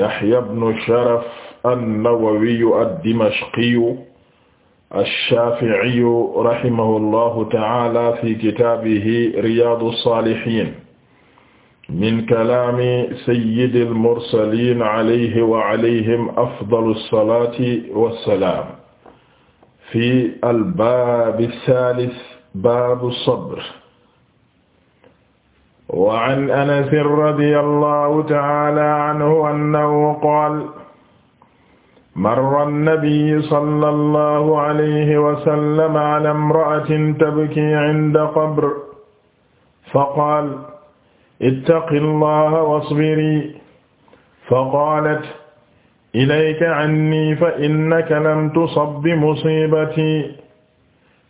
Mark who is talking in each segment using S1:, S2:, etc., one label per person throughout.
S1: Yahya ibn Sharaf an-Nawawiyu ad-Dimashqiyu ash-Shafi'iyu rahimahullahu ta'ala fi kitaabihi Riyaadu s-Saalihiin min kalaami sayyidil mursaliin alayhi wa alayhim afdalu s-salaati wa s-salaam fi al-baabi s-saalis baabu s-sabr wa an anas radiyallahu ta'ala anhu annahu qaala marra nabiyyu sallallahu alayhi wa sallam ala imra'atin tabkii 'inda qabrin faqaala ittaqi llaha wasbirii faqaalat ilayka 'annii fa innaka lam tusab bimusiibatii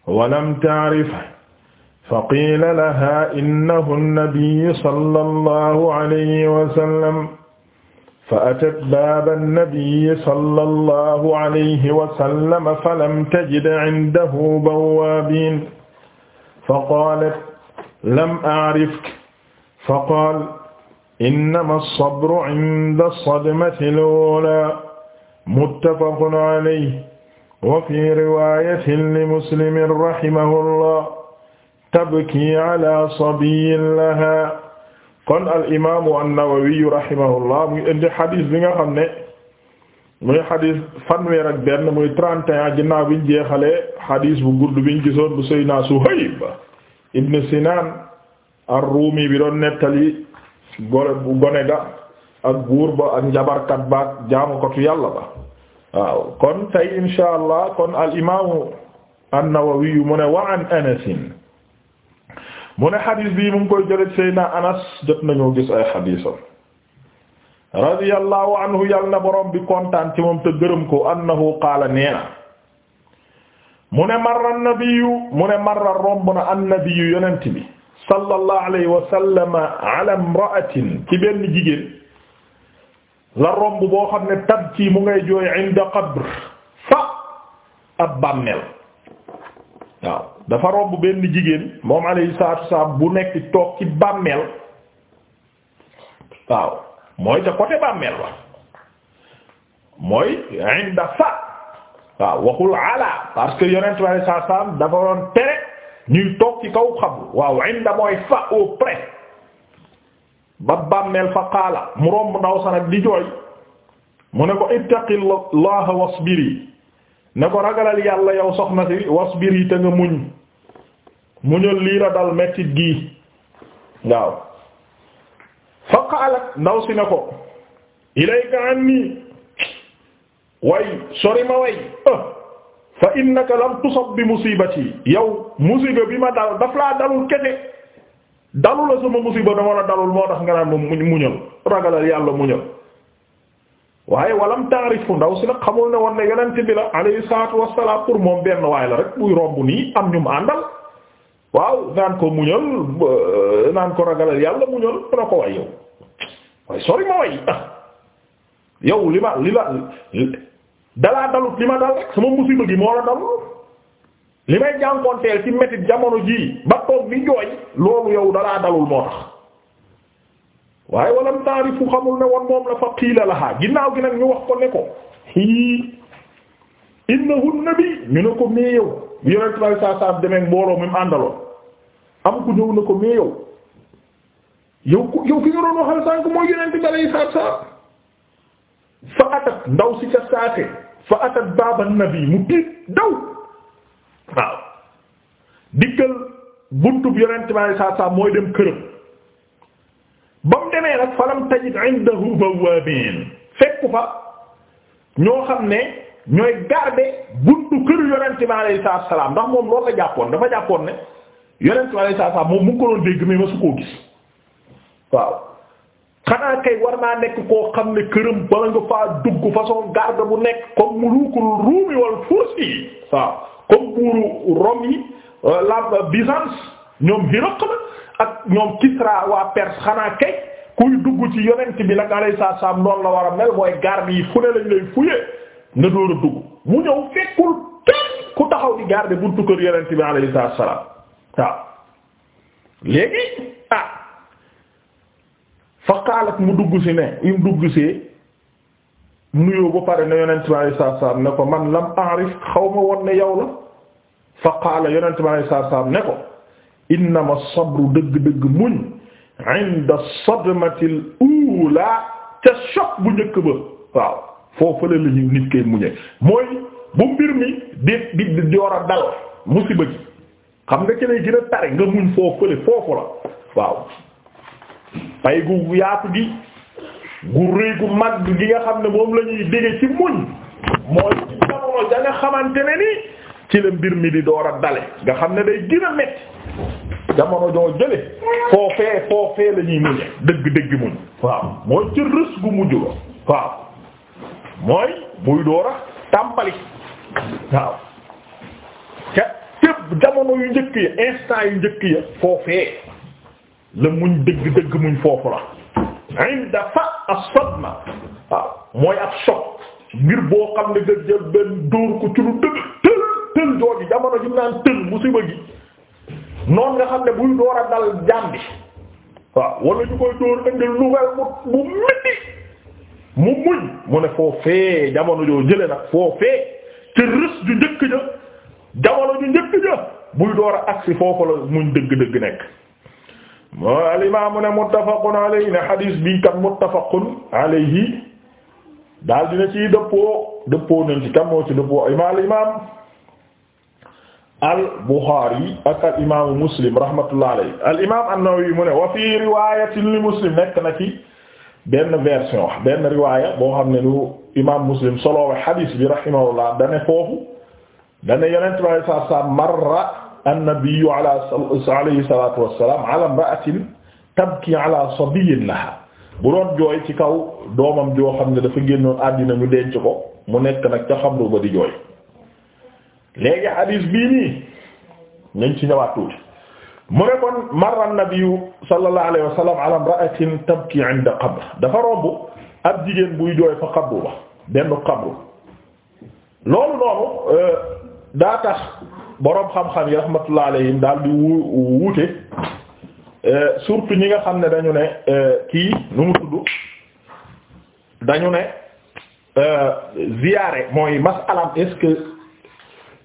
S1: wa lam ta'rif faqiila lahaa innahu nabiyyu sallallahu alayhi wa sallam fa'atat baaba nabiyyi sallallahu alayhi wa sallam falam tajid indahu bawwaabiin faqaalat lam a'rifka faqaala innama as-sabru inda as-sadmati al-uulaa muttafaqun alayhi wa fii riwaayatin li Muslimin rahimahullaah tabki ala sabiyin laha kon al imaamu an-Nawawi rahimahullah muy indi xadis bi nga xam ne mu xadis fanweer ak benn muy trente et un ginnaaw biñ jeexalee xadis bu gudd biñ gisoon bu Seydina Suhayb ibn Sinan ar-Rumi bi nettali gone bu gone ga ak buur ba ak njabarkat ba ak jaamukatu yàlla kon tey insha allah kon al imaamu an-Nawawi mu ne wa an mu ne xadis bii mu ngi koy jëlee Anas jot nañu gis ay xadisam radiyallahu anhu yàlla na borom bi kontaan ci moom te gërëm ko annahu qaala neena mu ne marra nabiyu mu ne marra romb na annabiyu yonent bi sallallahu alayhi wa ala imra'atin ci benn jigéen la romb boo ne tabki mu ngay jooy inda qabr fa ab bàmmeel dafa romb benn jigéen moom alayhi salaatu wasalaam bu nekk toog ci bàmmeel waaw mooy ca côté bàmmeel wa mooy inda fa waxul ala parce que yonent bi dafa doon tere ñuy toog ci kaw xabru waaw inda mooy fa auprès ba bàmmeel fa qaala mu romb ndaw sa di jooy mu ne ko ittaqi llaha wasbiri ne ko ragalal yàlla yow soxna si wasbiri te nga muñ muñal lii la dal mettit gii waaw fa qaalat ndaw si ne ko ilayka anni way sori ma way fa innaka lam tusab bi musibati yow musiba bi ma dal daf laa dalul kete dalula sama musiba dama la dalul moo tax nga naan ma muñal ragalal yàlla muñal waaye walam taarifu ndaw si nag xamul ne woon ne yonent bi la alayhi salaatu wassalaam pour moom benn waay la rek buy romb nii am ñu mu àndal waaw naan ko muñal euh, naan ko ragalal yàlla muñal mu ne ko yow waaye sori ma way ah, yow li ma li dalaa dalut li ma dal rek sama musiba gi moo la dal li may jànkoonteel ci métit jamono jii ba toog bi jooy loolu yow dalaa dalul moo tax waaye walam taarifu xamul ne woon moom la fa qiila lahaa ginnaaw ginan nag ñu wax ko ne ko hii innahu nabi ñu ne ko mais yow bi yonent bi saa saa demee mbooloo mi mu àndaloon am ne ko mais yow yow ku yow ki nga doon waxal fa atat ndaw si ca saate fa atat baaba nabi mu tiit daw waaw dikkal buntu bi yonent bi saa saa mooy dem këram. demee nag falam tajid indahu bawabin fekku fa ñoo xam ne ñooy garder buntu kër yonent bi alayhi salaatu salaam ndax moom loolu la jàppoon dafa jàppoon ne yonent bi alayhi salaatu moom mu ngi ko dégg mais ma su koo gis waaw xanaa kay war naa nekk koo xam ne këram bala nga faa dugg façon garde bu nekk comme mulukul ruumi wal fursi waaw comme buuru Rome yi euh, la Byzance ñoom Hiraqla ak ñoom Kisra waa Perse xanaa kay kuy dugg ci yonent bi nag alayhi salaam noonu la war a mel mooy garde yi fu ne lañ lay fuye nga door dugg mu ñëw fekkul kenn ku taxaw di garde buntu kër yonent bi alayhi salaam waaw léegi ah fa qaalat mu dugg si ne im dugg see nuyoo bu pare na yonent bi alayhi salaam ne ko man lam a'rif xaw ma woon ne yow la fa qaala yonent bi alayhi salaam ne ko innama sabru dëgg-dëgg muñ inda sadmati al ula ca choc bu njëkk ba waaw foofu la ñu nit koy muñe mooy bu mbir mi di di di war a dal musiba gi xam nga ci lay gën a tare nga muñ foo fële foofu la waaw pay gu yaatu gi gu rëy gu mag gi nga xam ne moom lañuy ñuy déggee ci muñ mooy ci jamono nga xamante ne ni ci la mbir mi di door a dale nga xam ne day gën a metti jamono joo jële foofee foofee la muñe dëgg-dëgg muñ waaw mooy ci waaw door a tàmbali waaw jamono yu njëkk ya instant yu njëkk ya foofee la muñ dëgg-dëgg muñ foofu la inda fa as waaw mooy ab choc ngir boo xam ne nga jël ko ci lu dëgg tël jooju jamono ji mu naan tël musiba gi noonu nga xam ne buy door a dal jàmbi waaw wala ñu koy door indi nouvelle bu bu métti mu muñ mu ne foofee jamono joo jële nag foofee ci rës ju njëkk ja jamono ju njëkk ja buy door a agsi foofu la muñ dëgg-dëgg nekk moo alimaamu ne muttafaqun alayhi ne xadiis bii kat muttafaqun alayhi daal dina ciy dëppoo dëppoo nañ ci kan moo dëppoo imaam imaam al Bukhari ak al imaamu Muslim rahmatullahi alayhi al imaam an-Nawawi mu ne wa fii riwaayatin li Muslim nekk na ci benn version benn riwaaya boo xam ne lu imaam Muslim solo xadiis bi rahimahullah dane foofu dane Yonent bi sallallahu alayhi wa sallam marra an-nabiyyu ala alayhi salaatu wa salaam ala imra'atin tabki ala sabiyyin laha bu doon jooy ci kaw doomam joo xam ne dafa génnoon àddina ñu denc ko mu nekk nag ca xamru ba di jooy. léegi hadis bii nii nañ ci ñëwaat tuuti mu ne kon marra an-nabiyyu sallallahu alayhi wa sallam ala imra'atin tabki 'inda qabr dafa romb ab jigéen buy jooy fa qabru ba benn qabru loolu noonu euh, daa tax boroom xam-xam yi rahmatullah alayhim daal di wu wuute euh, surtout ñi nga xam ne dañu ne euh, kii nu mu tudd dañu ne ziyaare mooy mas'alaam est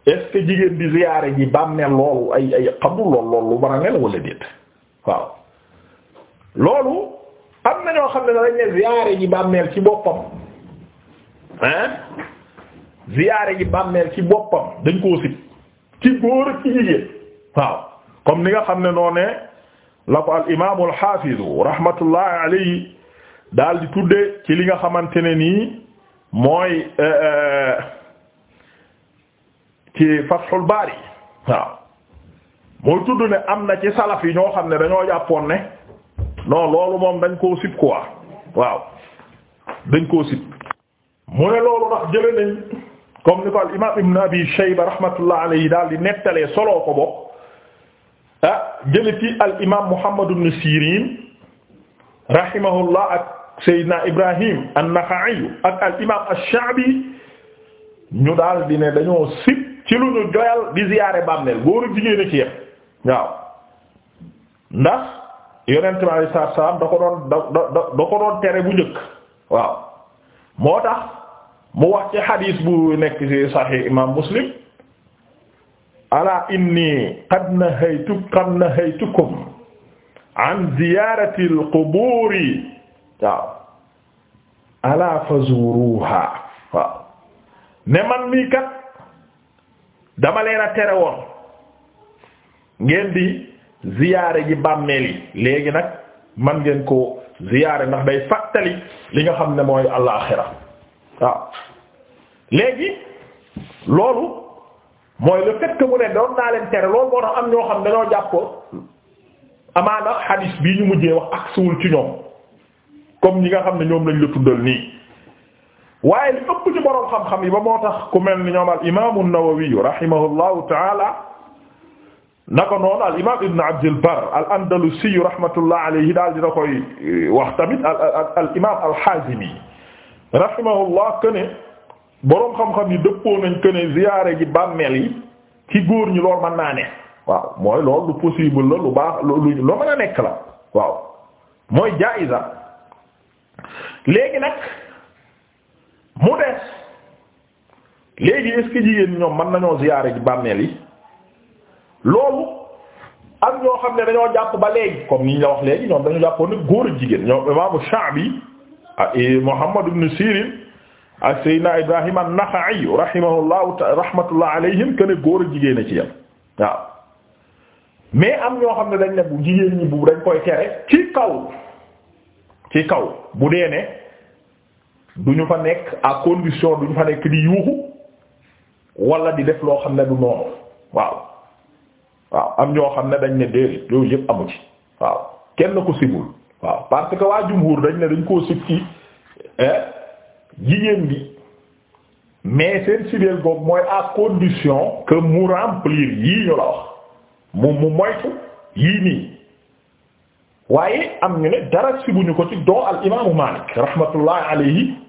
S1: est-ce que jigéen di ziyaare ji bàmmeel loolu ay ay xabul lool loolu lu bara ngel wala déet waaw loolu am na ñoo xam ne dañ ne ziyaare ji bàmmeel ci boppam hein ziyaare ji bàmmeel ci boppam dañ koo sit ci góor ak ci jigéen waaw comme ni nga xam ne noo la ko al imaamu al xaafizu rahmatullahi alayhi daal di tudde ci li nga xamante ne nii mooy euh, euh, ci Fathul Bari waaw mooy ne am na ci salaf yi ñoo xam ne dañoo jàppoon ne non loolu moom dañ koo sib waaw dañ koo mu ne loolu ndax jële nañ comme ni ko al imam Ibn Abi Shayba rahmatullah alayhi daal di nettalee solo ko bokk ah jële al imam Muhammad ibn Sirin rahimahullah ak Seydina Ibrahim an-Nakha'i ak al imam ash-Sha'bi ñu daal di ne dañoo sib ci lu ñu joyal di ziyaare bàmmeel góor ak jigéen a ci yem ndax yonent bi alayhi salaatu doon da doon tere bu njëkk waaw moo tax mu wax ci xadiis bu nekk ci Sahih Imaam Muslim alaa inni qad nahaytukum qad nahaytukum an ziyaarati al waaw ne man mii kat dama leen a tere woon ngeen di ziyaare gi bàmmeel yi léegi nag man ngeen ko ziyaare ndax day fàttali li nga xam ne mooy alaaxira waaw léegi loolu mooy le fait que mu ne doon naa leen tere loolu moo tax am ñoo xam dañoo jàppoo amaana xadiis bii ñu mujjee wax ak suwul ci ñoom comme ñi nga xam ne ñoom lañ la tuddal nii waaye li ëpp ci boroom xam-xam yi ba moo tax ku mel ni ñoom al imaamu Nawawi rahimahullahu taala naka noonu al imaam Ibn Abdul al Andalusi rahmatullah alayhi daal dina koy eh, wax tamit al imaam al Hazimi rahimahullah këne boroom xam-xam yi dëppoo nañ këne ji bàmmeel yi ci góor ñi loolu mën naa waaw mooy loolu lu possible la lu baax lu lu mën a nekk la waaw mooy jaa'iza léegi nag. mu des léegi est jigéen ñoom mën nañoo ziyaare ji bàmmeel yi loolu ak ñoo xam ne dañoo jàpp ba léegi comme ni ñu la wax léegi ñoom dañu jàppoon ne góor ak jigéen ñoom imaamu Sha'bi ah Muhammad ibn Sirin ak Seydina Ibrahim an-Nakha'i rahimahullahu rahmatullah alayhim que ne jigéen a ci yam waaw mais am ñoo xam ne dañ ne bu jigéen ñi bu dañ koy tere ci kaw ci kaw bu dee ne du ñu fa nekk à condition du ñu fa nekk di yuuxu wala di def loo xam ne du noonu waaw waaw am ñoo xam ne dañ ne déedéet yooyu yëpp amu ci waaw kenn ko sibul waaw parce que waa jumhur dañ ne dañ koo sib ci jigéen bi mais seen sibeel boobu mooy à condition que mu remplir yii ñu la wax mu mu moytu yii nii waaye am ñu ne dara sibuñu ko ci doo al imaamu Maalik rahmatullahi alayhi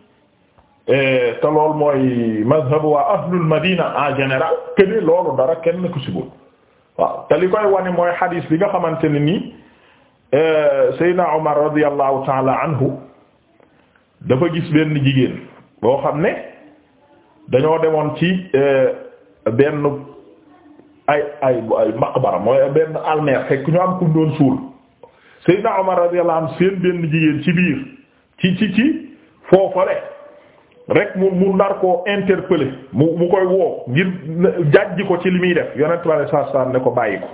S1: Eh, te loolu mooy mazhabu waa ahlul madina en général que loolu dara kenn ku si waaw te li wane mooy hadith bi nga xamante ni nii eh, Seydina Omar radiyallahu taala anhu dafa gis benn jigéen boo xam ne dañoo demoon ci eh, benn ay ay ay maqbara mooy benn almeer fekk ñu am ku doon suul Seydina Omar radiyallahu anhu seen benn jigéen ci biir ci ci ci foofale rek mu mu ndar koo interpeller mu mu koy woo ngir jàjji ko ci li muy def yonent bi sallallahu alayhi wasallam ne ko bàyyi ko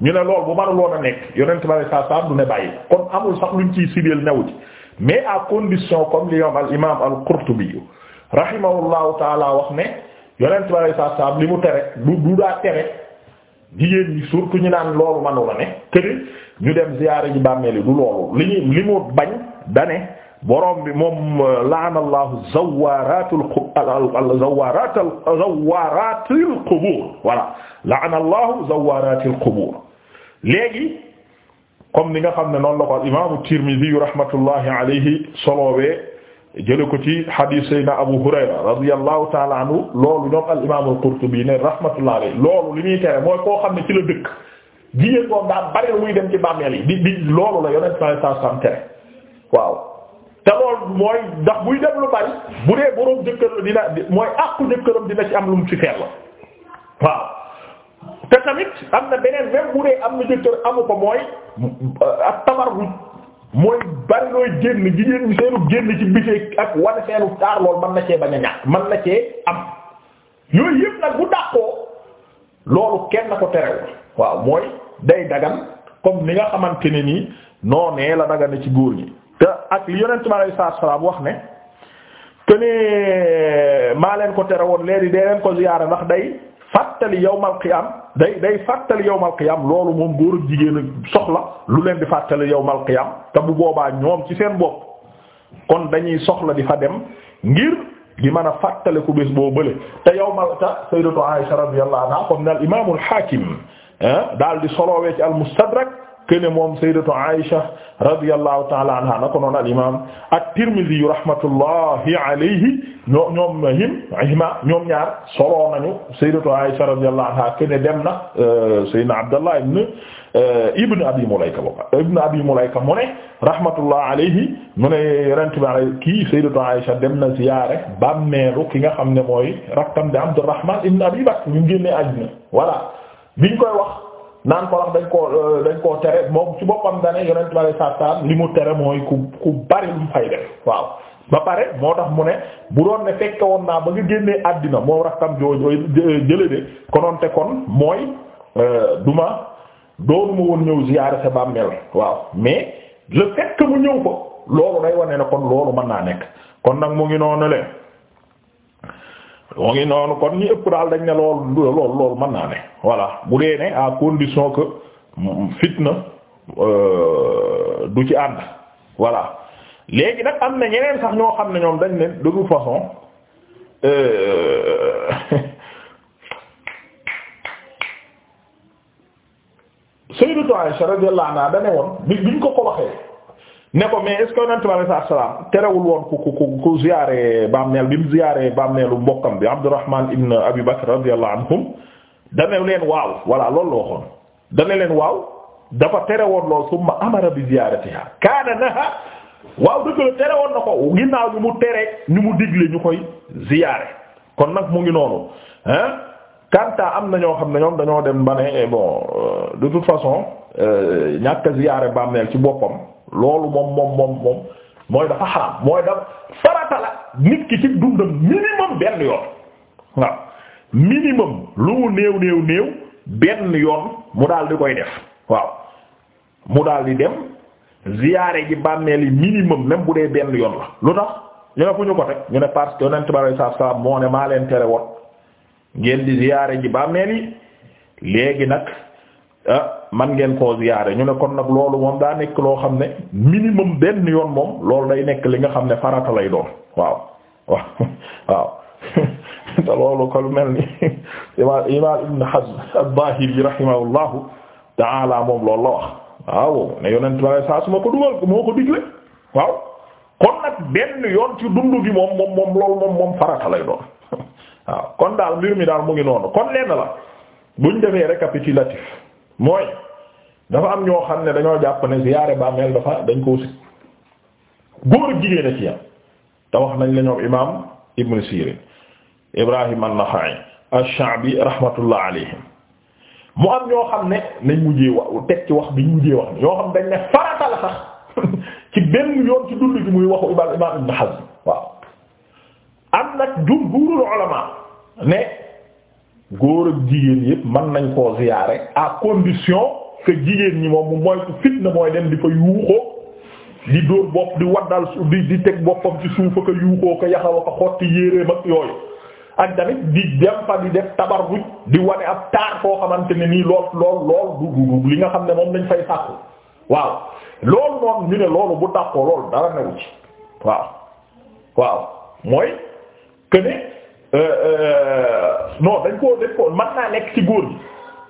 S1: ñu ne lool bu manuloon a nekk yonent bi sallallahu alayhi wasallam du ne bàyyi ko kon amul sax luñ ciy sideel new ci mais à condition comme li yom al imam al Qurtubi rahimahullahu taala wax ne yonent bi sallallahu alayhi wasallam li mu tere du du daa tere jigéen ñi surtout ñu naan loolu manu ne këri ñu dem ziyaare ji bàmmeel yi du loolu li ñu li mu bañ dane borom bi moom laana allahu zawaratul zawaratul zawaratil qubur voilà laana qubur léegi comme ni nga xam ne noonu la ko al imaamu Tirmidhi rahmatullahi alayhi solowee jële ko ci hadith Seydina Abu Hurayra radiyallahu ta'ala lool loolu ñoom al imaamu al-Qurtubi ne rahmatullahi alayhi loolu li muy mooy koo xam ne ci la dëkk jigéen moom daa bari muy dem ci bàmmeel yi tere waaw te mooy ndax buy dem lu bari bu dee borom jëkkër dina mooy àqu jëkkëram dina ci am lu mu ci feer la waaw te tamit am na beneen même bu dee am na jëkkër amu ko mooy euh, ak tabarruj mooy bari looy génn jigéen ñi seenu génn ci biti ak wane seenu taar lool mën na cee bañ a man mën na cee am yooyu yëpp nag bu dàqoo loolu kenn na ko terewul waaw mooy day dagan comme ni nga xamante ne nii noonee la na ci góor ñi te ak li yonent ma alayhi salaatu salaam wax ne te ne maa leen ko tere woon léegi dee leen ko ziyaara ndax day fàttali yawmal qiyaam day day fàttali yawmal qiyaam loolu moom góor ak jigéen soxla lu leen di fàttali yawmal qiyaam te bu boobaa ñoom ci seen bopp kon dañuy soxla di fa dem ngir di man a fàttali ku bés boo bële te yawmal ta sayyidatu Aisha radiyallahu anha comme ne al imaamul Haakim daal di solowee ci al kene moom sayyidatu Aisha radiyallahu ta'ala anha na ko noon al imam at-Tirmidhi rahmatullahi alayhi ñoo ñoom him hima ñoom ñaar soloo nañu sayyidatu Aisha radiyallahu anha kene dem na euh, sayyidina Abdallah ibn euh, ibn Abi Mulayka bokk ibn Abi Mulayka mu ne rahmatullahi alayhi mu ne yonent bi ala kii sayyidatu Aisha dem ziyaare bàmmeelu ki nga xam ne mooy rakkam di Abdurrahman ibn Abi Bakr ñu génne àddina voilà biñ koy wax naan ko wax dañ ko euh, dañ koo tere moom ci boppam dane yonent bale saasaan li mu tere mooy ku ku bari lu mu fay def waaw ba pare moo tax mu ne bu doon ne fekke woon naa ba nga génnee àddina moom raxtam joojooy euh, euh, jële de konoon te kon mooy duma doonuma woon ñëw ziyaare sa bàmmeel waaw mais le fait mu ñëw ko loolu day wane ne kon loolu mën naa nekk kon nag mu ngi noonu leen moo ngi noonu kon ñi ëpp daal dañ ne lool lool lool mën naa ne voilà bu dee ne à condition que fitna euh, du ci ànd voilà léegi nag am na ñeneen sax ñoo xam ne ñoom dañ ne de toute façon euh, Sayyidatu Aisha radiyallahu anha da ne woon bi biñ ko ko waxee ne ko mais est-ce que yonent bi alayhi salaam terewul woon ku ku ku ku ziyaare bàmmeel bi mu ziyaare bàmmeelu mbokkam bi Abdurrahman ibn Abi Bakr radiyallahu anhum dane leen waaw voilà loolu la waxoon dane leen waaw dafa terewoon lool summa amara bi ziyaaratiha kaana naha waaw dëgg la terewoon na ko ginnaaw ñu mu tere ñu mu digle ñu koy ziyaare kon nag mu ngi noonu hein kanta am na ñoo xam ne ñoom dañoo dem ba ne eh, bon euh, de toute façon Euh, ñàkk a ziyaare bàmmeel ci boppam loolu moom moom moom moom mooy dafa xaram mooy dafa farata la nit ki ci dundam minimum benn yoon waaw minimum lu mu néew néew néew benn yoon mu daal di koy def waaw mu daal di dem ziyaare ji bàmmeel yi minimum même bu dee benn yoon la lu tax ñu ne fu ñu ko teg ñu ne parce que yonent bi sallallahu alayhi moo ne maa leen tere woon ngeen di ziyaare ji bàmmeel yi léegi nag Ah, man ngeen koo ziyaare ñu ne kon nag loolu moom daa nekk loo xam ne minimum benn yoon moom loolu day nekk li nga xam ne farata lay doon waaw waaw te loolu ko mel ni imaam imaam Ibn Hazm ad-Dahiri rahimahullahu ta'ala la wax waaw ne ko moo ko digle waaw kon nag benn yoon ci dund gi moom moom moom moom farata lay doon waaw kon daal mbir mi daal mu ngi noonu kon lenn la buñ defee récapitulatif mooy dafa am ñoo xam ne dañoo jàpp ne ziyaare bàmmeel dafa dañ ko sit góor jigéen a ci yam te wax nañ la ñoom imaam ibn Sirin Ibrahim an-Nakhai ash-Sha'bi mu am ñoo xam ne nañ mujjee wax teg ci wax bi ñu mujjee wax ñoo xam dañ ne farata la sax ci benn yoon ci dund gi muy waxu imaam Ibn Hazm waaw am nag jumhuurul ulama ne góor ak jigéen yëpp mën nañ koo ziyaare à condition que jigéen ñi moom mu moytu fitna mooy dem di fa yuuxoo di dóor bopp di waddal di teg boppam ci suuf ak a yuuxoo ko yaxaw ak a xotti yéeréem ak yooyu ak tamit di dem fa di def tabarruj di wane ak taar foo xamante ni nii lool lool lool du du li nga xam ne moom lañ fay sàkku waaw loolu noonu ñu ne loolu bu tàqoo loolu dara newu ci waaw waaw mooy que Euh, euh, non dañ koo dañ koo mën naa nekk ci góor gi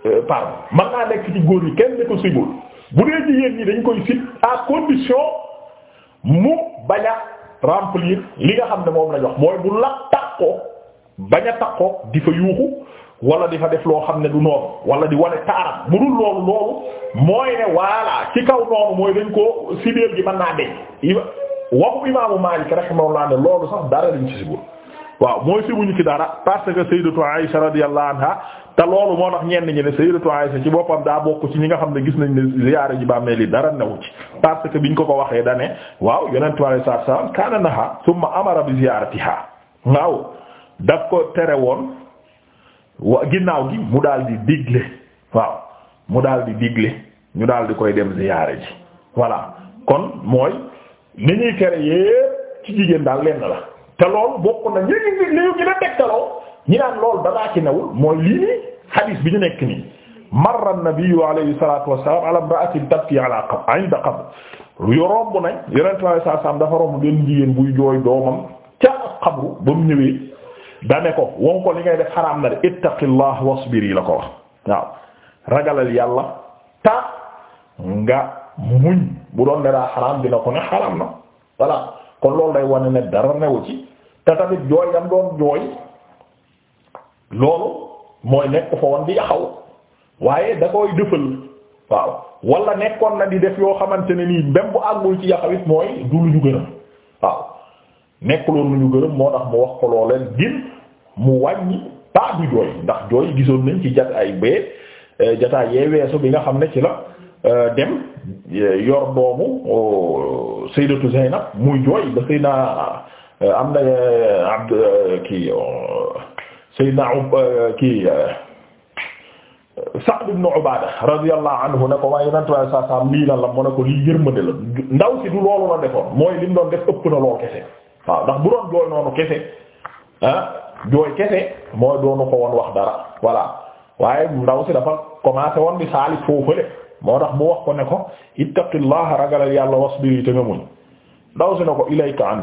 S1: euh, pardon mën naa nekk ci góor gi kenn ne ko sigul bu dee jigéen ñi dañ koy si à condition mu bañ a li nga xam ne moom la jox mooy bu la takkoo bañ a takkoo di fa yuuxu wala di fa def loo xam ne du noonu wala di wane taaram bu dul loolu loolu mooy ne voilà ci kaw noonu mooy dañ ko si sibeel gi mën naa denc waxu imaamu Maalik rahimahullah ne loolu sax dara dañ ci sigul waaw mooy sibuñu ci dara parce que sayyidatu Aisha radiyallahu anha te loolu moo tax ñenn ñi ne sayyidatu Aisha ci boppam daa bokk ci ñi nga xam ne gis nañ ne ziyaara ji bàmmeel li dara new ci parce que biñ ko ko waxee da waaw yonent bi alayhi salaatu salaam kaana naha thumma amara bi ziyaaratiha waaw daf ko tere woon ginnaaw gi mu daal di digle waaw mu daal di digle ñu daal di koy dem ziyaara ji voilà kon mooy ni ñuy tere yépp ci jigéen daal lenn la. te loolu bokk na ñi ngi li ñu gën a tegtaloo ñi naan loolu danaa ci newul mooy lii nii xadiis bi ñu nekk nii marra nabiyyu alayhi salaatu wassalaam ala imra'atin tabki ala qabr yu romb nañ yonent sallallahu alayhi dafa romb benn jigéen buy jooy doomam ca xabru ba ñëwee dane ko won li ngay def xaraam na de ittaqillah wasbiri la ko wax waaw ragalal yàlla ta nga muñ bu doon ne daa xaraam dina ko ne xaraam na voilà kon loolu day wane ne dara newu ci te tamit jooy yam doon jooy loolu mooy nekk fa woon di yaxaw waaye da koy dëfal waaw walla nekkoon na di def yoo xamante ne nii même bu àggul ci yaxaw it mooy du lu ñu gërëm waaw nekkuloon lu ñu gërëm moo tax mu wax ko looleen gin mu wàññi pas du jooy ndax jooy gisoon nañ ci jat ay bee eh, jataay yee weesu bi nga xam ne ci la Euh, dem euh, yor doomu euh, sayyidatu Zaynab muy jooy ba sayyidina am na abd kii lii lan la mu ne ko lii yërmande la ndaw si du loolu la defoon mooy li mu doon def ëpp na lool kese waaw ndax bu doon jooy noonu kese ah, jooy kese mooy doonu ko woon wax dara voilà waaye ndaw si dafa commencé woon di saalit foofu le moo tax mu wax ko ne ko ittaqillaha ragalal yàlla wasbiri te nga muñ ndaw si na ko ilayka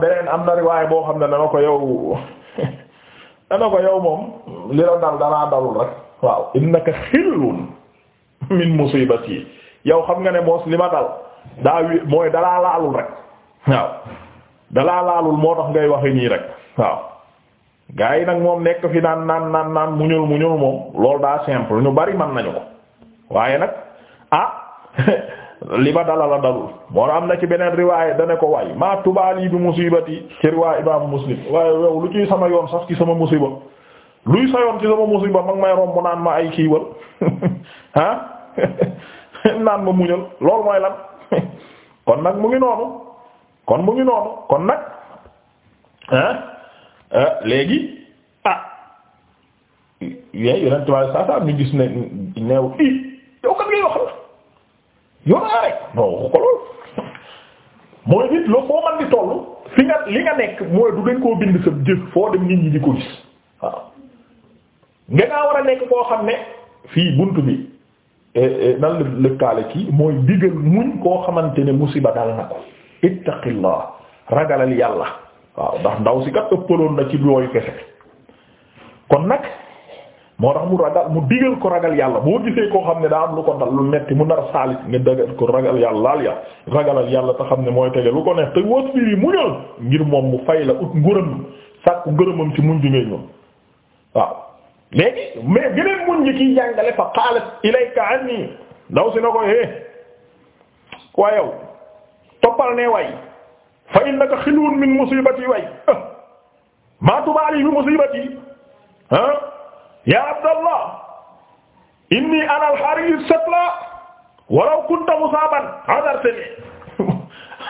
S1: beneen am na riwaay boo xam ne dana ko yow dana ko yow moom li la dal danaa dalul rek waaw innaka xillun min musibati yow xam nga ne moos li ma dal daa wi mooy dalaa laalul rek waaw dalaa laalul moo tax ngay waxe nii rek waaw gaa yi nag moom nekk fi naan naan naan naan muñul muñul moom lool daa simple ñu bari man nañu ko waaye nag ah li ba dala la dalul moo am na ci beneen riwaay dana ko waay tubaal yi bi musibati ci riwaay imaamu muslim waaye yow lu ciy sama yoon sax ci sama musiba luy sa yoon ci sama musiba mag may romb naan ma ay kiiwal ah naan ma muñal loolu mooy lan kon nag mu ngi noonu kon mu ngi noonu kon nag ah Euh, léegi ah yooyu yeneen tubaab saa saa ñu gis ne neew i yow kat ngay wax la yow naa rek non ko lool mooy nit loo foo man di toll fi nga li nga nekk mooy du dañ koo bind sa jëf foo dem nit ñi di ko gis waaw nga war a nekk koo xam ne fii bunt bi e, e, nan la lëkkaale kii mooy digal muñ koo xamante ne musiba dal na ko ittaqillah ragalal yàlla waaw ndax ndaw si kat ëppaloon na ci yooyu kese kon nag moo tax mu ragal mu digal ko ragal yàlla boo gisee koo xam ne daa am lu ko dal lu metti mu nar a saalit nga dagal ko ragal yàlla laal yàlla ragalal yàlla te xam ne mooy tege lu ko neex te was bii mu ñëw ngir moom mu fay la ut ngërëm sàkku ngërëmam ci muñ bi ngay ñëw waaw léegi mais gëneen muñ gi kiy jàngale fa qaalat ilayka anni ndaw si na ko é eh, waa yow toppal ne way fa innaka xilwun min musibati way ma tubaali bi musibati ah ya abdallah inni ana al-hariyu satla walaw kunta musaban hadartani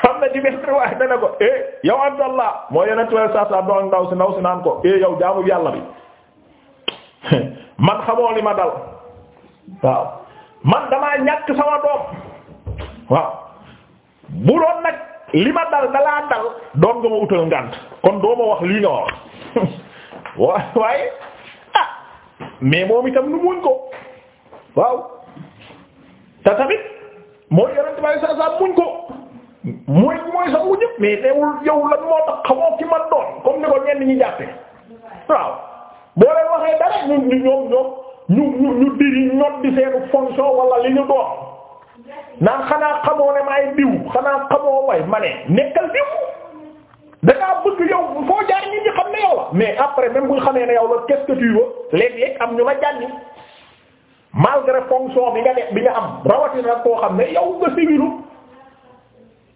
S1: xam na ci benn riwaay dana ko eh yow abdallah moo yeneen tuwee saa saa doon ndaw si ndaw si naan ko eh yow jaamu yàlla bi man xamoo li ma dal waaw man damaa ñàkk sama doom waaw bu doon nag. li ma dal dalaa dal doon nga ma utal ngànt kon doo ma wax lii nga wax waaye ah mais moom itam nu muñ ko waaw te tamit mooy yonent bi saa saa muñ ko mooy mooy sax wu ñëpp mais teewul yow lan moo xamoo ki man doon comme ni ko ñenn ñi jàppe waaw boo leen waxee dara ñu ñoom ñoom ñu ñu ñu diri ñoom di seenu fonction wala li ñu doon. naan xanaa xamoo ne maay diw xanaa xamoo way ma ne nekkal diw dangaa bëgg yow foo jaar nit ñi xam ne yow la mais après même bu xamee ne yow la qu'est-ce que tu am ñu ma jànni malgré fonction bi nga def bi nga am rawati nag koo xam ne yow nga civilu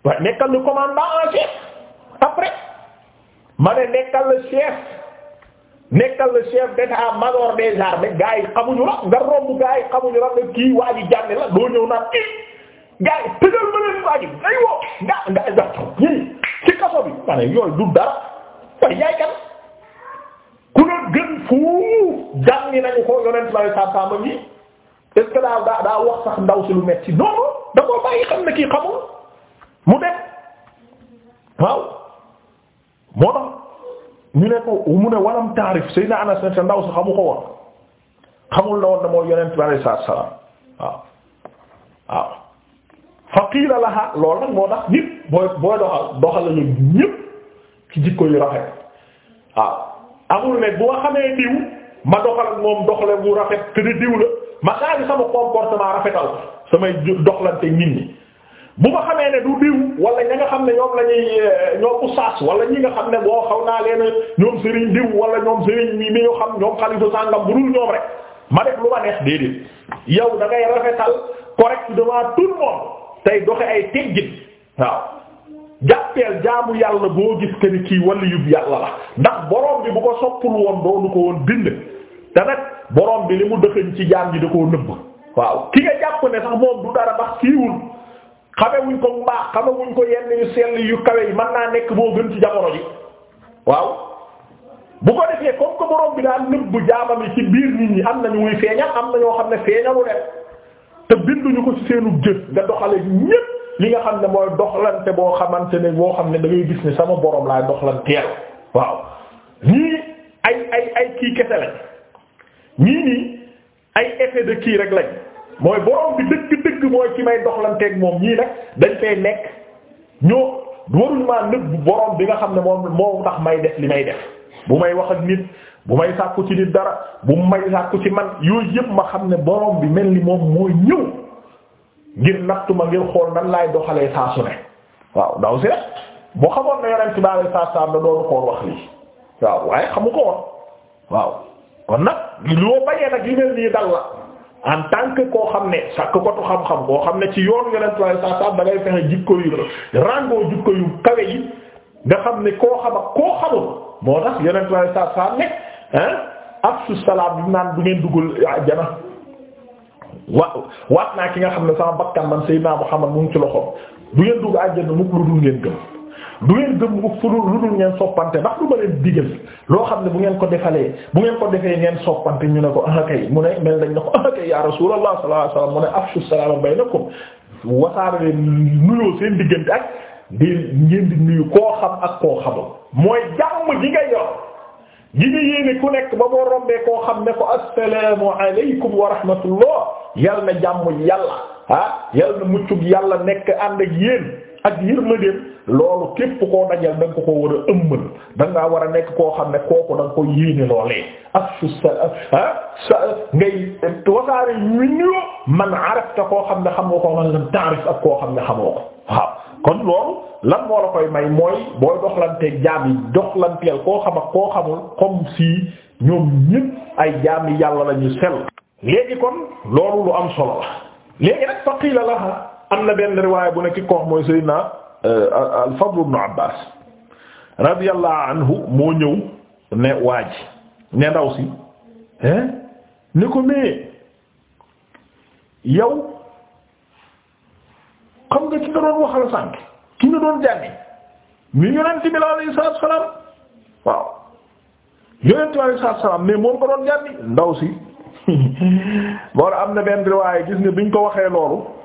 S1: waaye nekkal le commandant en chef après ma ne nekkal chef nekkal le chef d'état major des armées gaa yi xamuñu la nga romb gaa yi xamuñu la nga kii waa jànni la doo ñëw naan i eh, gaa yi tëgal ma leen waa ji ay nga nga nga ko kii xamul mu dem waaw moo tax ñu ne ko mu ne walam taarif Seydina Anas ne sa ndaw sa xamu ko woon xamul na woon ne yonent bi alayhi salaam waaw waaw fa qiila laha loolu moo tax nit booy booy doxal doxal la ñépp ci jikko yu rafet waaw amul ne bu ma xamee diw ma doxal ak moom doxale bu rafet te di diw la ma xaari sama comportement rafetal samay doxlante nit ñi bu ma xamee ne du diw wala ña nga xam ne ñoom la ñuy eh, ñoom oustaz wala ñi nga xam ne boo xaw naa leen ñoom Serigne diw wala ñoom Serigne mi mi ñu xam ñoom xalifa sàngam bu dul ñoom rek ma def lu ma neex déedéet yow da ngay rafetal correct devant tout le tey doxe ay teggin waaw jàppeel jaamu yàlla boo gis que ni kii wala yub yàlla la ndax boroom bi bu ko soppul woon doonu ko woon bind te nag borom bi li mu dëxëñ ci jaam ji da koo nëbb waaw ki nga jàpp xamewuñ ko mbaax xamewuñ ko yenn yu sell yu kawe yi mën naa nekk boo gën ci jamono ji waaw bu ko defee comme que borom bi daal nëbbu jaamam yi ci biir nit ñi am nañu muy feeñal am na ñoo xam ne feeñalu leen te binduñu ko ci seenu jëf nga doxale ñépp li nga xam ne mooy doxlante boo xamante ne boo xam ne da gis ne sama boroom laay doxlanteel waaw ñii ay ay ay kii kese lañ ñii nii ay effet de kii rek lañ. mooy borom bi dëgg-dëgg mooy ci may doxlanteeg moom ñii nag dañ fay nekk ñoo waruñu maa nëbb borom bi nga xam ne moom moo tax may def li may def bu may wax ak nit bu may sàkku ci nit dara bu may sàkku ci man yooyu yëpp ma xam ne borom bi mel ni moom mooy ñëw ngir nattu ngir xool nan laay doxalee saa su ne waaw ndaw si mu xamoon na yonent bi alayhi salaam da doon xool wax lii waaw waaye xamu ko woon waaw kon nag loo bayee nag yu en tant que koo xam ne sàkk kotu xam-xam koo xam ne ci yoonu yonent waaye saa saa da ngay fexe jikko yu ràngoo jikko yu kawe yi nga xam ne koo xam ak koo xamul moo tax yonent saa saa nekk ah afsu salaam naan bu ngeen dugal àjjana wa waat naa ki nga xam ne sama bakkan man Seydina Muhammad mu ngi ci loxoom du ngeen dugg àjjana mukk lu dul ngeen gëm. du ngeen gëm mu fudul lu dul ngeen soppante ndax lu leen digal loo xam ne bu ngeen ko defalee bu ngeen ko defee ngeen soppante ñu ne ko ah mu ne mel nañ ne ko ah kay ya rasulullah sallallahu alayhi wasallam mu ne afshu salaama baynakum leen diggante ak di ngeen di nuyu koo xam ak koo mooy jàmm ji nga yor nekk ba boo rombee xam ne ko assalaamu aleykum wa rahmatullah yal na jàmm yàlla ah yal na muccug yàlla nekk ànd ak yéen loolu képp koo dajal da nga ko koo war a ëmmal da war a nekk koo xam ne kooku da nga ko yéene loolee ak su sa ah ngay wasaare minio man arafta xam ne xamoo ko man lam ak koo xam ne xamoo ko waaw kon loolu lan moo la koy may mooy booy doxlanteeg jaam yi doxlanteel koo xam ak koo xamul comme si ñoom ñépp ay jaam yi yàlla la ñu sell léegi kon loolu lu am solo la léegi nag faqiila laha am na benn riwaaya bu ne ki ko mooy Seydina Euh, al-Fadl ibn Abbas radiyallahu anhu moo ñëw ne waaj ne ndaw si ne ko mais yow xam nga ki nga doon waxal sànq ki nga doon jànni ñu yonent bi alayhi salaatu wa salaam waaw yonent salaam mais moom ko doon jànni ndaw si boola am na benn riwaaye gis nga biñ ko waxee loolu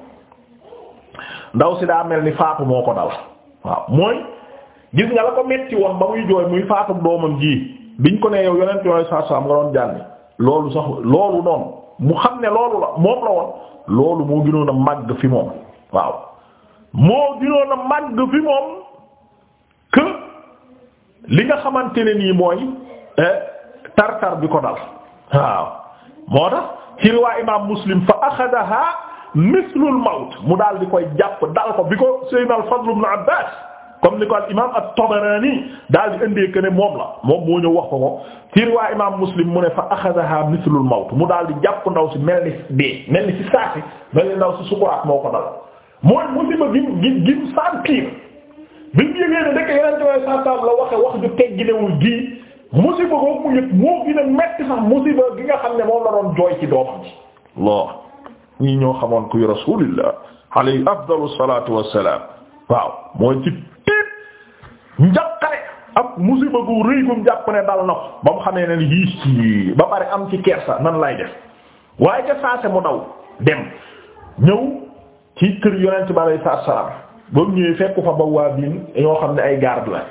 S1: ndaw si daa mel ni faatu moo ko dal waaw mooy gis nga la ko metti woon ba muy jooy muy faatu doomam ji biñ ko ne yow yonent yooyu saa saa mu nga doon jànni loolu sax loolu noonu mu xam ne loolu la moom la woon loolu moo gënoon a màgg fi moom waaw moo gënoon a màgg fi li nga xamante ne nii mooy eh, tartar bi ko dal waaw moo tax ci imaam muslim fa axadaha mislul mawt mu daal di koy jàpp dal ko bi ko Seydina al-Fadl ibn Abbas comme ni ko al imaam at-Tabarani daal di indee que ne moom la moom moo ñëw wax ko ko ci riwaa imaam Muslim mu ne fa axadaha mislul mawt jàpp ndaw si mel ni ni si saasi mel ni ndaw si sukuraat mu yëgee ne dëkk xam ne moom la doon jooy ci doomam ji ñi ñoo xamoon kuy rasulillah alayhi afdalu salatu wassalam waaw mooy ci tiit njàqare ak musiba gu rëy gum jàpp ne dal na ko ba mu xamee ne yii ba pare am ci kersa nan lay def waaye ca saase mu daw dem ñëw ci kër yonent bi alayhi salaatu salaam ba mu ñëwee fekku fa ba waa biin ñoo xam ne ay garde la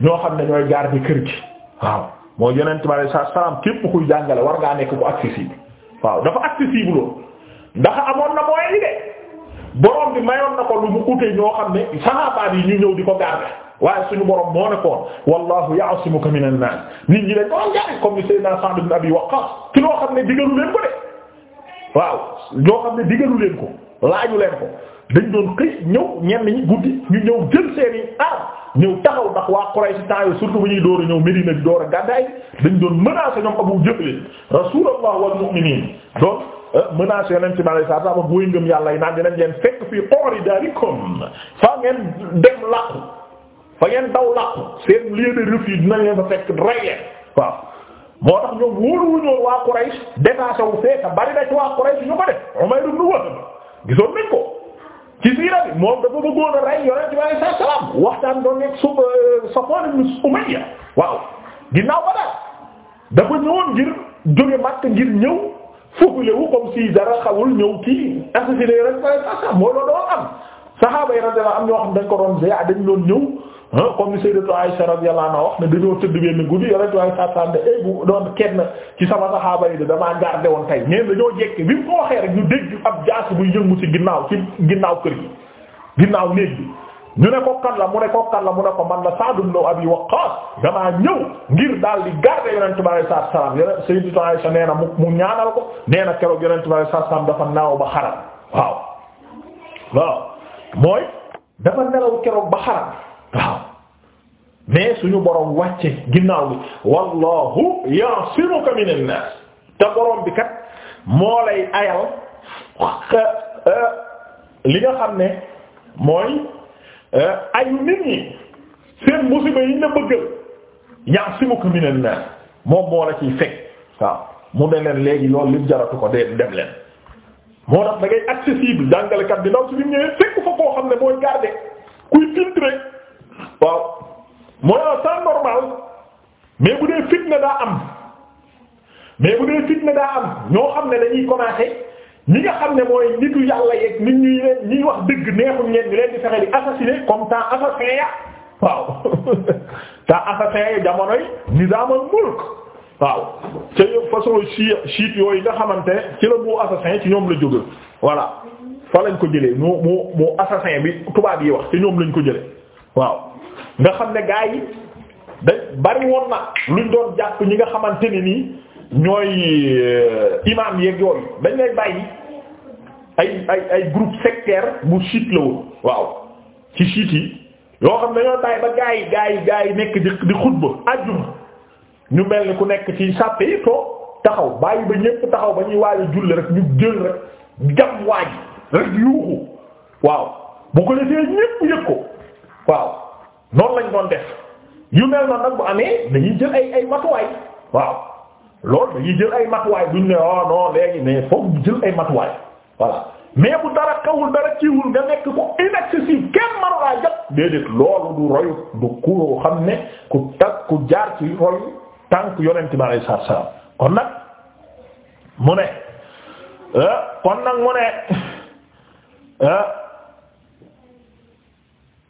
S1: ñoo xam ne ñooy garde kër gi waaw mooy yonent bi alayhi salaatu salaam képp kuy jàngale war ngaa nekk ku accessible waaw dafa accessible ndax amoon na moyen yi de borom bi mayoon na ko lu mu utee ñoo xam ne sahaaba yi ñu ñëw di ko garder waaye suñu borom moo nekkoon wallahu ya'simuka minan nas nit ñi dañ ko garder comme naa Sayyidina Sa'd ibn Abi Waqqas ci loo xam ne digalu leen ko de waaw ñoo xam ne digalu leen ko laaju leen ko dañ doon xëy ñëw ñenn ñi guddi ñu ñëw jël seeni ar ñëw taxaw ndax waa Quraysh temps yi surtout bu ñuy door ñëw Medina bi door a gàddaay dañ doon menacer ñoom Abu Jahl Rasulullah Euh, menace yonent bi alayhi salaatu wasallam booy ngëm yàlla yi naan dinañ leen fekk fii quri darikum fa ngeen dem làqu fa ngeen daw làqu seen lieu de refuge dinañ leen fa fekk rayeen waaw moo tax ñoom wóoruwuñoo waa Quraysh détaché wu feeka bari na waa Quraysh ñu ko def Umayr ibn Wahb gisoon nañ ko ci siira bi moom dafa bëggoon a rey yonent bi alayhi salaatu wasallam waxtaan doon nekk su euh, Safwan ibn Umayya waaw ginnaaw ba daal dafa ñëwoon ngir jóge Makka ngir fukki wu comme si dara xawul ñëw kii assassiné rek pare sax moo la am saxaaba yi radiyallahu am ñoo xam dañ ko doon zaa dañ doon ñëw ah comme Sayyidatu Aisha radiyallahu anha wax ne dañoo tëdd benn guddi yore tuwaay sàttan de eh bu doon kenn ci sama saxaaba yi de damaa gardé woon tey ñeent dañoo jékki bi mu ko waxee rek ñu dégg ab jaas buy yëngu ci ginnaaw ci ginnaaw kër gi ginnaaw néeg bi. ñu ne ko kan la mu ne ko la mu ne ko man la Sa'd ibn Abi Waqqas damaa ñëw ngir daal di garder yonent bi alayhi salaatu salaam yeneen Sayyidatu Aisha nee na mu ñaanal ko nee na keroog yonent bi dafa naaw ba xaram waaw waaw mooy dafa nelaw keroog ba xaram waaw mais suñu borom wàcce ginnaaw bi wallahu ya'simuka minan nas te borom bi kat moo lay ayal euh, euh, li nga xam ne mooy. Eh, ayu nit ñi seen musiba yi na bëggal ya'simuka minan nas moom moo la ciy fekk waaw mu ne leen léegi loolu lim jaratu ko de dem leen moo tax da ngay accessible jàngalekat bi ndaw si lim ñëwee fekk fa koo xam ne mooy garder kuy filtrer waaw mooy en temps normal mais bu dee fitna daa am mais bu dee fitna daa am ñoo xam ne dañuy commencer ñi nga xam ne mooy nitu yàlla yeeg nit ñuy leen ñuy wax dëgg neexuñ leen ñu leen di fexe di assassiner comme temps assassin ya waaw temps assassin ya jamonoy nizaamal mulk waaw ca façon chi yooyu nga xamante ne ci la moo assassin ci ñoom la jógal voilà fa lañ ko jële moo mu mu assassin bi tubaab yi wax ci ñoom lañ ko jëlee waaw nga xam ne gaa yi dañ bari woon na luñ doon jàpp ñi nga xamante ni nii ñooy euh, imam yeeg yooyu dañ lay bàyyi ay ay ay groupe bu siit la woon waaw ci siit yi yoo xam ne dañoo bàyyi ba gaa yi gaa yi nekk di di xutba ajjuma ñu mel ni ku nekk ci sàppe toog taxaw bàyyi ba ñépp taxaw ba ñuy waaye julli rek ñu jël rek jam waaj rek yuuxu waaw bu ko defee ñépp yëg ko waaw noonu lañ doon def yu mel noonu nag bu amee dañuy jël ay ay matuwaay waaw loolu dañuy jël ay matuwaay duñ ne oh non léegi mais foofu jël ay matuwaay voilà mais bu dara kawul dara ciwul nga nekk ko inaccessible kenn manu laa jot déedéet loolu du royu du ku xam ne ku tag ku jaar ci roy tànk yonent bi alayhi salaatu salaam kon nag mu ne euh, kon nag mu ne euh,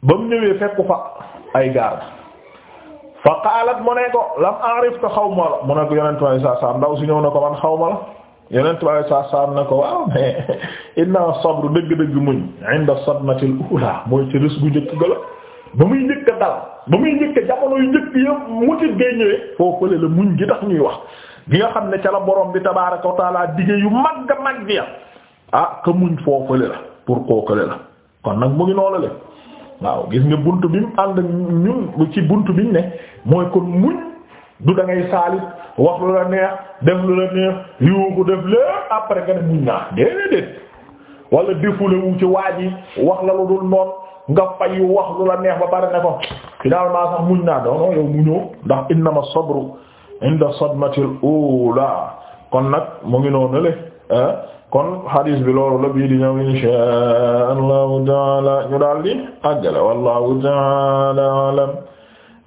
S1: ba mu ñëwee fekku fa ay gaar fa qaalat mu ne ko xaw ma la mu ne ko bi saa ndaw si ñëw na ko man xaw ma la yonent bi saa saam ne ko waaw mais inna sabru dëgg-dëgg muñ inda sadmati al ga ba muy njëkk a dal ba muy njëkk a yu njëkk yëpp mutit gay ñëwee foofu la muñ gi tax ñuy wax gi nga xam ne ca la borom bi tabaaraka wa taala dige yu mag a mag ah ka muñ foofu la pour kooku la kon nag mu ngi noonu la waaw gis nga bunt bi mu ànd ñun ci buntu bi ñu ne mooy kon muñ du da ngay saalit wax lu la neex def lu la neex yuuxu def lépp après nga ne muñ naa déedéet wala défulewu ci waaj yi wax la lu dul noon nga fay wax lu la neex ba pare ne ko finalement sax muñ naa doono yow muñoo ndax innama sabru inda sadmatil ula kon nag mu ngi noonu le kon hadis bi loolu la bii di ñëw inshaa allahu taala ñu daal di àggale wallahu taala alam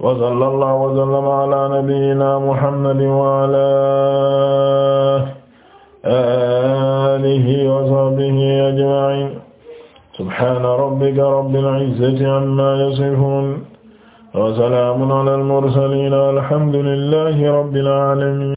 S1: wa sallallahu wa sallama ala nabiyyina muhammadin wa ala alihi wa sahbihi ajma'in subhana rabbika rabbil izzati amma yasifun wa salamun ala al mursalin walhamdulillahi rabbil alamin